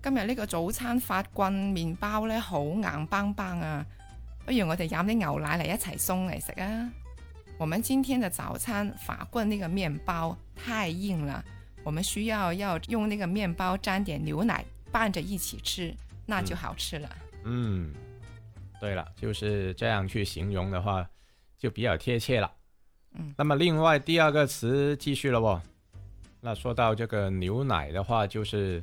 今日呢個早餐法棍麵包呢好硬邦邦啊，不如我哋飲啲牛奶嚟一齊送嚟食啊！我哋，今天的早餐法棍呢個麵包太硬了，我們需要要用呢個麵包沾點牛奶拌着一起吃，那就好吃了嗯。嗯，對了，就是這樣去形容的話就比較貼切啦。嗯，那麼另外第二個詞繼續了喎、哦，那說到這個牛奶的話，就是。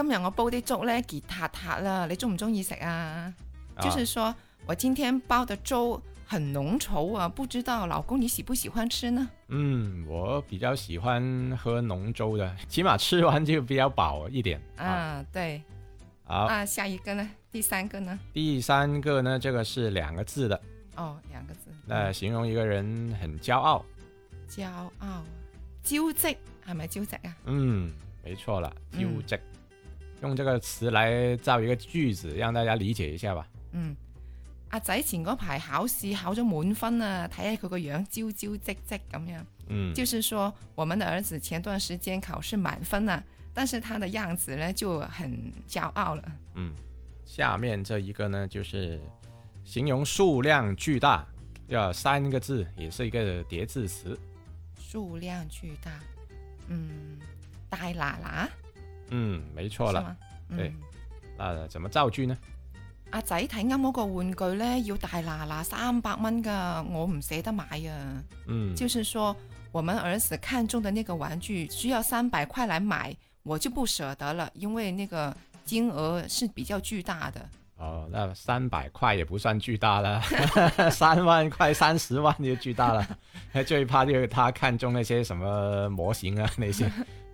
今日我煲啲粥咧杰撻撻啦，你中唔中意食啊？啊，就是說我今天煲的粥很濃稠啊，不知道老公你喜不喜歡吃呢？嗯，我比較喜歡喝濃粥的，起碼吃完就比較飽一點。啊，啊對，好。啊，下一個呢？第三個呢？第三個呢？這個是兩個字的。哦，兩個字。那形容一個人很驕傲。嗯、驕傲，招積係咪招積啊？嗯，沒錯啦，招積。嗯用這個詞來造一個句子，讓大家理解一下吧。嗯，阿、啊、仔前嗰排考試考咗滿分啊，睇下佢個樣，招招積積咁樣。嗯，就是說我們的兒子前段時間考試滿分啊，但是他的樣子呢，就很驕傲了。嗯，下面這一個呢，就是形容數量巨大，要三個字，也是一個疊字詞。數量巨大，嗯，大拿拿。嗯，沒錯了，嗎對，嗯、那怎麼造句呢？阿仔睇啱嗰個玩具呢，要大拿拿三百蚊㗎，我唔捨得買啊。嗯，就是說我們兒子看中的那個玩具需要三百塊來買，我就不捨得了，因為那個金額是比較巨大的。哦，那三百塊也不算巨大了，三 萬塊、三十萬就巨大了。 最怕就是他看中那些什麼模型啊那些。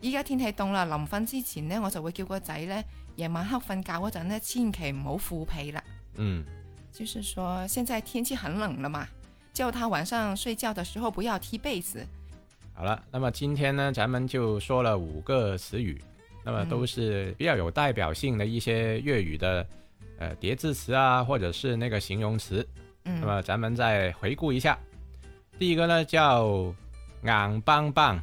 依家天氣凍啦，臨瞓之前呢，我就會叫個仔呢，夜晚黑瞓覺嗰陣呢，千祈唔好戽被啦。嗯，就是說現在天氣很冷了嘛，叫他晚上睡覺的時候不要踢被子。好了，那麼今天呢，咱們就說了五個詞語，那麼都是比較有代表性的一些粵語的，誒疊、嗯呃、字詞啊，或者是那個形容詞。嗯，那麼咱們再回顧一下，第一個呢叫硬邦邦。嗯，棒棒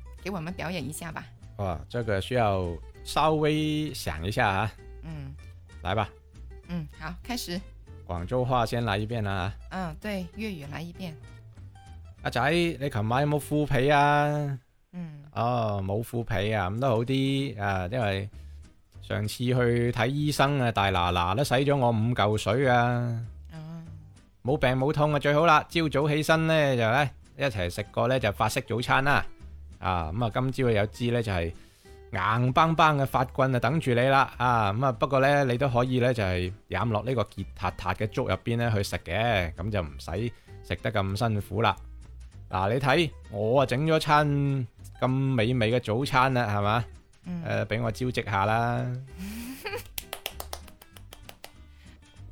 給我們表演一下吧。哇，這個需要稍微想一下啊。嗯，來吧。嗯，好，開始。廣州話先來一遍啊。嗯，對，粵語來一遍。阿、啊、仔，你琴晚有冇戽被啊？嗯。哦，冇戽被啊，咁都好啲啊。因為上次去睇醫生啊，大拿拿都使咗我五嚿水啊。嗯，冇病冇痛啊，最好啦。朝早起身呢，就咧一齊食個呢，就法式早餐啦。啊，咁、嗯、啊，今朝有支咧就係硬邦邦嘅法棍啊，等住你啦，啊，咁啊，不過咧你都可以咧就係飲落呢個結撻撻嘅粥入邊咧去食嘅，咁就唔使食得咁辛苦啦。嗱、啊，你睇我啊整咗餐咁美味嘅早餐啦，係嘛？誒、嗯，俾、呃、我招積下啦。